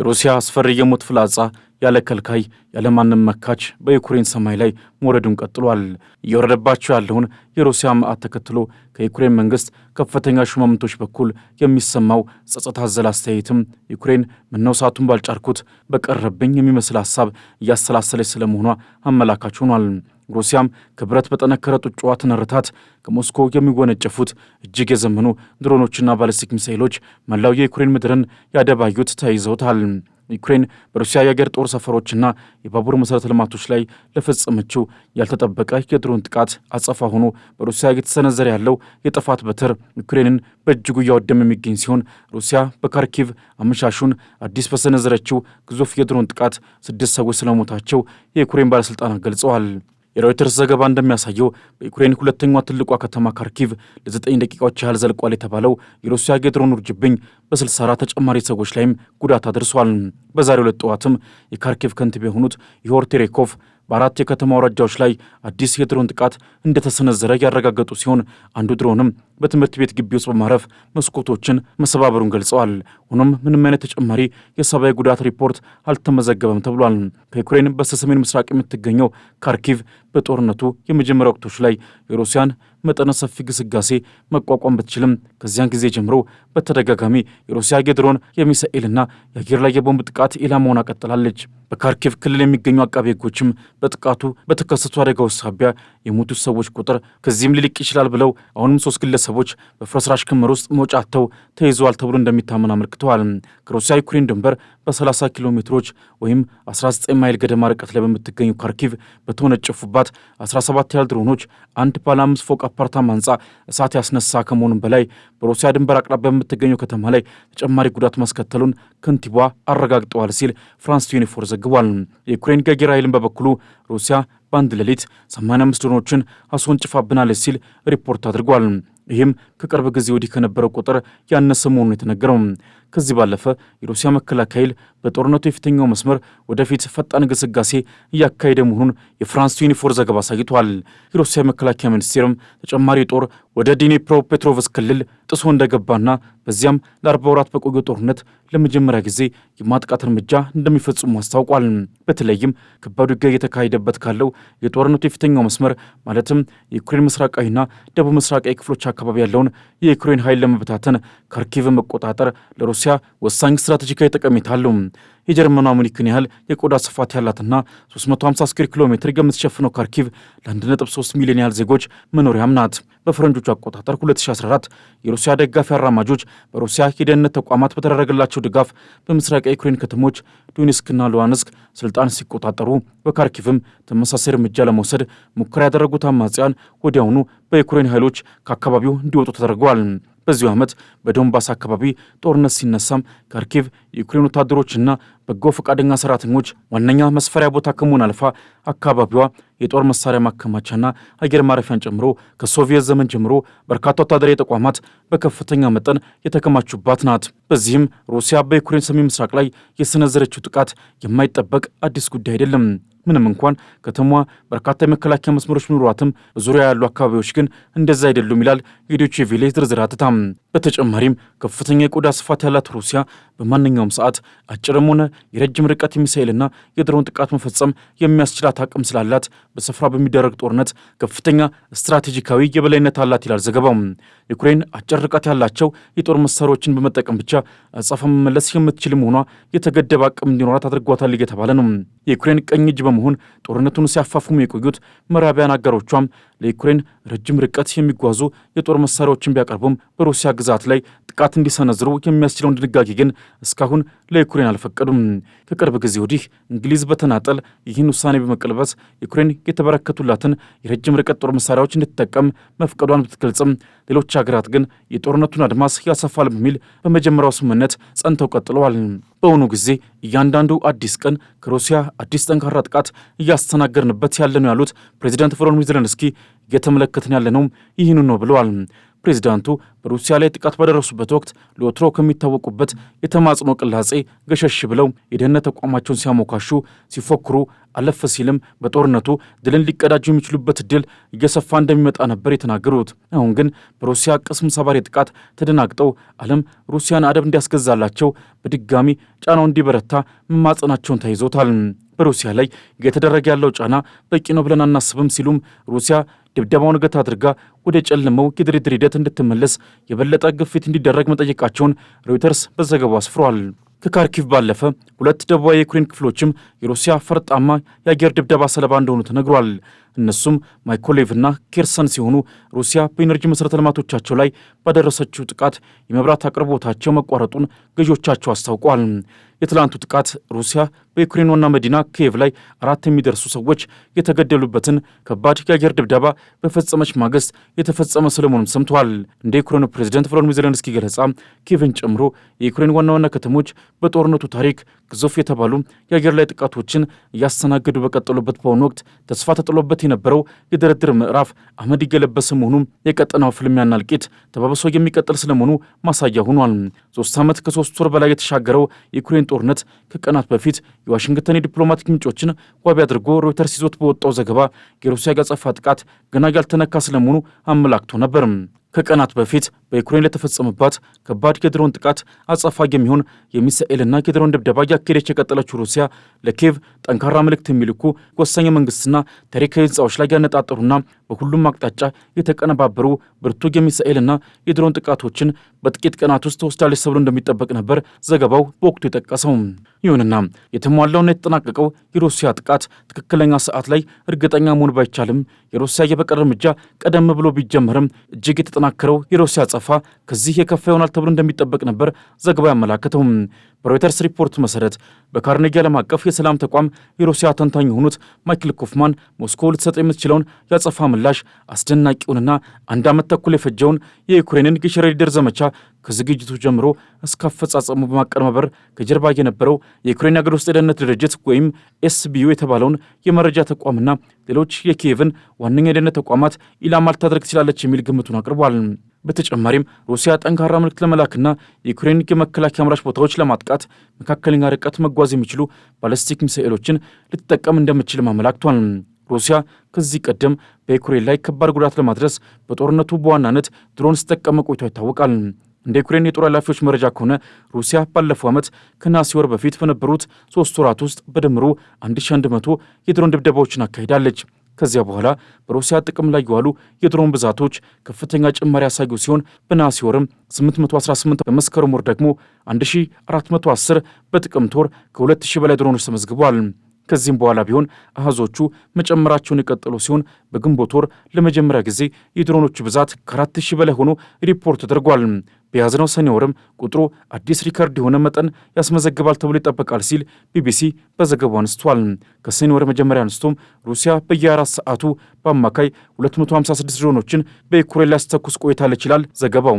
የሩሲያ አስፈሪ የሞት ፍላጻ ያለ ከልካይ ያለማንም መካች በዩክሬን ሰማይ ላይ መውረዱን ቀጥሏል። እየወረደባቸው ያለውን የሩሲያ መዓት ተከትሎ ከዩክሬን መንግስት ከፍተኛ ሹማምንቶች በኩል የሚሰማው ጸጸት አዘል አስተያየትም ዩክሬን ምነው ሰዓቱን ባልጫርኩት በቀረብኝ የሚመስል ሀሳብ እያሰላሰለች ስለመሆኗ አመላካች ሆኗል። ሩሲያም ከብረት በጠነከረ ጡጫዋ ትነርታት። ከሞስኮ የሚወነጨፉት እጅግ የዘመኑ ድሮኖችና ባለስቲክ ሚሳይሎች መላው የዩክሬን ምድርን ያደባዩት ተይዘውታል። ዩክሬን በሩሲያ የአገር ጦር ሰፈሮችና የባቡር መሠረተ ልማቶች ላይ ለፈጸመችው ያልተጠበቀ የድሮን ጥቃት አጸፋ ሆኖ በሩሲያ እየተሰነዘረ ያለው የጥፋት በትር ዩክሬንን በእጅጉ እያወደም የሚገኝ ሲሆን ሩሲያ በካርኪቭ አመሻሹን አዲስ በሰነዘረችው ግዙፍ የድሮን ጥቃት ስድስት ሰዎች ስለሞታቸው የዩክሬን ባለሥልጣናት ገልጸዋል። የሮይተርስ ዘገባ እንደሚያሳየው በዩክሬን ሁለተኛዋ ትልቋ ከተማ ካርኪቭ ለዘጠኝ ደቂቃዎች ያህል ዘልቋል የተባለው የሩሲያ የድሮን ውርጅብኝ በ64 ተጨማሪ ሰዎች ላይም ጉዳት አድርሷል። በዛሬ ሁለት ጠዋትም የካርኪቭ ከንቲባ የሆኑት ኢሆር ቴሬኮቭ በአራት የከተማ አውራጃዎች ላይ አዲስ የድሮን ጥቃት እንደተሰነዘረ ያረጋገጡ ሲሆን አንዱ ድሮንም በትምህርት ቤት ግቢ ውስጥ በማረፍ መስኮቶችን መሰባበሩን ገልጸዋል። ሆኖም ምንም አይነት ተጨማሪ የሰብአዊ ጉዳት ሪፖርት አልተመዘገበም ተብሏል። ከዩክሬን በስተሰሜን ምስራቅ የምትገኘው ካርኪቭ በጦርነቱ የመጀመሪያ ወቅቶች ላይ የሩሲያን መጠነ ሰፊ ግስጋሴ መቋቋም ብትችልም ከዚያን ጊዜ ጀምሮ በተደጋጋሚ የሩሲያ የድሮን የሚሳኤልና የአየር ላይ የቦምብ ጥቃት ኢላማውን አቀጥላለች። በካርኪቭ ክልል የሚገኙ አቃቤ ሕጎችም በጥቃቱ በተከሰቱ አደጋዎች ሳቢያ የሞቱ ሰዎች ቁጥር ከዚህም ሊልቅ ይችላል ብለው አሁንም ሶስት ግለሰ ግለሰቦች በፍርስራሽ ክምር ውስጥ መውጫ አጥተው ተይዘዋል ተብሎ እንደሚታመን አመልክተዋል። ከሩሲያ ዩክሬን ድንበር በ30 ኪሎ ሜትሮች ወይም 19 ማይል ገደማ ርቀት ላይ በምትገኙ ካርኪቭ በተወነጨፉባት 17 ያህል ድሮኖች አንድ ባለ አምስት ፎቅ አፓርታማ ህንፃ እሳት ያስነሳ ከመሆኑም በላይ በሩሲያ ድንበር አቅራቢያ በምትገኘው ከተማ ላይ ተጨማሪ ጉዳት ማስከተሉን ከንቲባ አረጋግጠዋል ሲል ፍራንስ ዩኒፎር ዘግቧል። የዩክሬን ገጌር ኃይልን በበኩሉ ሩሲያ በአንድ ሌሊት 85 ድሮኖችን አስወንጭፋብናለች ሲል ሪፖርት አድርጓል። ይህም ከቅርብ ጊዜ ወዲህ ከነበረው ቁጥር ያነሰ መሆኑ የተነገረው ከዚህ ባለፈ የሩሲያ መከላከያ ኃይል በጦርነቱ የፊተኛው መስመር ወደፊት ፈጣን ግስጋሴ እያካሄደ መሆኑን የፍራንስ ዩኒፎር ዘገባ አሳይቷል። የሩሲያ መከላከያ ሚኒስቴርም ተጨማሪ ጦር ወደ ዲኒፕሮ ፔትሮቭስክ ክልል ጥሶ እንደገባና በዚያም ለአርባ ወራት በቆየ ጦርነት ለመጀመሪያ ጊዜ የማጥቃት እርምጃ እንደሚፈጽሙ አስታውቋል። በተለይም ከባድ ውጊያ እየተካሄደበት ካለው የጦርነቱ የፊተኛው መስመር ማለትም የዩክሬን ምስራቃዊና ደቡብ ምስራቃዊ ክፍሎች አካባቢ ያለውን የዩክሬን ኃይል ለመበታተን ካርኪቭ መቆጣጠር ለሩ ለሩሲያ ወሳኝ ስትራቴጂካዊ ጠቀሜታ አለው። የጀርመኗ ሙኒክን ያህል የቆዳ ስፋት ያላትና 350 ስኩዌር ኪሎ ሜትር የምትሸፍነው ካርኪቭ ለ1.3 ሚሊዮን ያህል ዜጎች መኖሪያም ናት። በፈረንጆቹ አቆጣጠር 2014 የሩሲያ ደጋፊ አራማጆች በሩሲያ የደህንነት ተቋማት በተደረገላቸው ድጋፍ በምስራቅ የዩክሬን ከተሞች ዶኔስክና ሉዋንስክ ስልጣን ሲቆጣጠሩ፣ በካርኪቭም ተመሳሳይ እርምጃ ለመውሰድ ሙከራ ያደረጉት አማጽያን ወዲያውኑ በዩክሬን ኃይሎች ከአካባቢው እንዲወጡ ተደርገዋል። በዚሁ ዓመት በዶንባስ አካባቢ ጦርነት ሲነሳም ካርኪቭ የዩክሬን ወታደሮችና በጎ ፈቃደኛ ሰራተኞች ዋነኛ መስፈሪያ ቦታ ከመሆን አልፋ አካባቢዋ የጦር መሳሪያ ማከማቻና አየር ማረፊያን ጨምሮ ከሶቪየት ዘመን ጀምሮ በርካታ ወታደራዊ ተቋማት በከፍተኛ መጠን የተከማቹባት ናት። በዚህም ሩሲያ በዩክሬን ሰሜን ምስራቅ ላይ የሰነዘረችው ጥቃት የማይጠበቅ አዲስ ጉዳይ አይደለም። ምንም እንኳን ከተማዋ በርካታ የመከላከያ መስመሮች ኑሯትም በዙሪያ ያሉ አካባቢዎች ግን እንደዛ አይደሉም ይላል የዶቼ ቬለ ዝርዝር አትታ። በተጨማሪም ከፍተኛ የቆዳ ስፋት ያላት ሩሲያ በማንኛውም ሰዓት አጭርም ሆነ የረጅም ርቀት የሚሳኤልና የድሮን ጥቃት መፈጸም የሚያስችላት አቅም ስላላት በስፍራ በሚደረግ ጦርነት ከፍተኛ ስትራቴጂካዊ የበላይነት አላት ይላል ዘገባው። ዩክሬን አጭር ርቀት ያላቸው የጦር መሳሪያዎችን በመጠቀም ብቻ አጸፋ መመለስ የምትችል መሆኗ የተገደበ አቅም እንዲኖራት አድርጓታል እየተባለ ነው። የዩክሬን ቀኝ እጅ በመሆን ጦርነቱን ሲያፋፍሙ የቆዩት ምዕራባውያን አጋሮቿም ለዩክሬን ረጅም ርቀት የሚጓዙ የጦር መሳሪያዎችን ቢያቀርቡም በሩሲያ ግዛት ላይ ጥቃት እንዲሰነዝሩ የሚያስችለውን ድንጋጌ ግን እስካሁን ለዩክሬን አልፈቀዱም። ከቅርብ ጊዜ ወዲህ እንግሊዝ በተናጠል ይህን ውሳኔ በመቀልበስ ዩክሬን የተበረከቱላትን የረጅም ርቀት ጦር መሳሪያዎች እንድትጠቀም መፍቀዷን ብትገልጽም ሌሎች ሀገራት ግን የጦርነቱን አድማስ ያሰፋል በሚል በመጀመሪያው ስምምነት ጸንተው ቀጥለዋል። በአሁኑ ጊዜ እያንዳንዱ አዲስ ቀን ከሩሲያ አዲስ ጠንካራ ጥቃት እያስተናገርንበት ያለ ነው ያሉት ፕሬዚዳንት ቮሎዲሚር ዜሌንስኪ እየተመለከትን ያለ ነው ይህን ነው ብለዋል። ፕሬዚዳንቱ በሩሲያ ላይ ጥቃት በደረሱበት ወቅት ለወትሮ ከሚታወቁበት የተማጽኖ ቅላጼ ገሸሽ ብለው የደህንነት ተቋማቸውን ሲያሞካሹ ሲፎክሩ አለፈ ሲልም በጦርነቱ ድልን ሊቀዳጁ የሚችሉበት ድል እየሰፋ እንደሚመጣ ነበር የተናገሩት። አሁን ግን በሩሲያ ቅስም ሰባሪ ጥቃት ተደናግጠው ዓለም ሩሲያን አደብ እንዲያስገዛላቸው በድጋሚ ጫናው እንዲበረታ መማጸናቸውን ተይዞታል። በሩሲያ ላይ እየተደረገ ያለው ጫና በቂ ነው ብለን አናስብም ሲሉም ሩሲያ ድብደባውን ገታ አድርጋ ወደ ጨለመው የድርድር ሂደት እንድትመለስ የበለጠ ግፊት እንዲደረግ መጠየቃቸውን ሮይተርስ በዘገባው አስፍሯል። ከካርኪቭ ባለፈ ሁለት ደቡባዊ የዩክሬን ክፍሎችም የሩሲያ ፈርጣማ የአየር ድብደባ ሰለባ እንደሆኑ ተነግሯል። እነሱም ማይኮሌቭና ኬርሰን ሲሆኑ ሩሲያ በኤነርጂ መሠረተ ልማቶቻቸው ላይ ባደረሰችው ጥቃት የመብራት አቅርቦታቸው መቋረጡን ገዢዎቻቸው አስታውቋል። የትላንቱ ጥቃት ሩሲያ በዩክሬን ዋና መዲና ኪየቭ ላይ አራት የሚደርሱ ሰዎች የተገደሉበትን ከባድ የአየር ድብደባ በፈጸመች ማግስት የተፈጸመ ስለመሆኑም ሰምተዋል። እንደ ዩክሬኑ ፕሬዚደንት ቮሎዲሚር ዜሌንስኪ ገለጻ ኪየቭን ጨምሮ የዩክሬን ዋና ዋና ከተሞች በጦርነቱ ታሪክ ግዙፍ የተባሉ የአየር ላይ ጥቃት ጥቃቶችን እያስተናገዱ በቀጠሉበት በአሁኑ ወቅት ተስፋ ተጥሎበት የነበረው የድርድር ምዕራፍ አህመድ የገለበሰ መሆኑም የቀጠናው ፍልሚያና እልቂት ተባብሶ የሚቀጥል ስለመሆኑ ማሳያ ሆኗል። ሶስት ዓመት ከሶስት ወር በላይ የተሻገረው የዩክሬን ጦርነት ከቀናት በፊት የዋሽንግተን የዲፕሎማቲክ ምንጮችን ዋቢ አድርጎ ሮይተርስ ይዞት በወጣው ዘገባ የሩሲያ ያጸፋ ጥቃት ገና ያልተነካ ስለመሆኑ አመላክቶ ነበር። ከቀናት በፊት በዩክሬን ለተፈጸመባት ከባድ የድሮን ጥቃት አጸፋ የሚሆን የሚሳኤልና የድሮን ድብደባ እያካሄደች የቀጠለችው ሩሲያ ለኬቭ ጠንካራ መልእክት የሚልኩ ወሳኝ መንግስትና ታሪካዊ ህንፃዎች ላይ ያነጣጠሩና በሁሉም አቅጣጫ የተቀነባበሩ ብርቱ የሚሳኤልና የድሮን ጥቃቶችን በጥቂት ቀናት ውስጥ ተወስዳለች ተብሎ እንደሚጠበቅ ነበር ዘገባው በወቅቱ የጠቀሰው። ይሁንና የተሟላውና የተጠናቀቀው የሩሲያ ጥቃት ትክክለኛ ሰዓት ላይ እርግጠኛ መሆን ባይቻልም የሩሲያ የበቀል እርምጃ ቀደም ብሎ ቢጀመርም እጅግ የተጠናከረው የሩሲያ ቢያጠፋ ከዚህ የከፋ ይሆናል ተብሎ እንደሚጠበቅ ነበር ዘገባው ያመላከተው። በሮይተርስ ሪፖርት መሰረት በካርኔጊ ዓለም አቀፍ የሰላም ተቋም የሩሲያ ተንታኝ የሆኑት ማይክል ኮፍማን ሞስኮ ልትሰጥ የምትችለውን ያጸፋ ምላሽ አስደናቂውንና አንድ ዓመት ተኩል የፈጀውን የዩክሬንን የሽሬዲደር ዘመቻ ከዝግጅቱ ጀምሮ እስከ አፈጻጸሙ በማቀነባበር ከጀርባ የነበረው የዩክሬን ሀገር ውስጥ የደህንነት ድርጅት ወይም ኤስቢዩ የተባለውን የመረጃ ተቋምና ሌሎች የኪየቭን ዋነኛ የደህንነት ተቋማት ኢላማ ልታደርግ ትችላለች የሚል ግምቱን አቅርቧል። በተጨማሪም ሩሲያ ጠንካራ ምልክት ለመላክና የዩክሬን የመከላከያ አምራች ቦታዎች ለማጥቃት መካከለኛ ርቀት መጓዝ የሚችሉ ባለስቲክ ሚሳኤሎችን ልትጠቀም እንደምችል ማመላክቷል። ሩሲያ ከዚህ ቀደም በዩክሬን ላይ ከባድ ጉዳት ለማድረስ በጦርነቱ በዋናነት ድሮን ስትጠቀም ቆይቷ ይታወቃል። እንደ ዩክሬን የጦር ኃላፊዎች መረጃ ከሆነ ሩሲያ ባለፈው ዓመት ከነሐሴ ወር በፊት በነበሩት ሶስት ወራት ውስጥ በድምሩ 1100 የድሮን ድብደባዎችን አካሂዳለች። ከዚያ በኋላ በሩሲያ ጥቅም ላይ የዋሉ የድሮን ብዛቶች ከፍተኛ ጭማሪ ያሳዩ ሲሆን በነሐሴ ወርም 818 በመስከረም ወር ደግሞ 1410 በጥቅምት ወር ከ2000 በላይ ድሮኖች ተመዝግቧል። ከዚህም በኋላ ቢሆን አህዞቹ መጨመራቸውን የቀጠሉ ሲሆን በግንቦት ወር ለመጀመሪያ ጊዜ የድሮኖቹ ብዛት ከአራት ሺህ በላይ ሆኖ ሪፖርት ተደርጓል። በያዝነው ሰኔ ወርም ቁጥሩ አዲስ ሪከርድ የሆነ መጠን ያስመዘግባል ተብሎ ይጠበቃል ሲል ቢቢሲ በዘገባው አንስቷል። ከሰኔ ወር መጀመሪያ አንስቶም ሩሲያ በየአራት ሰዓቱ በአማካይ 256 ድሮኖችን በዩክሬን ላይ ስትተኩስ ቆይታለች ይላል ዘገባው።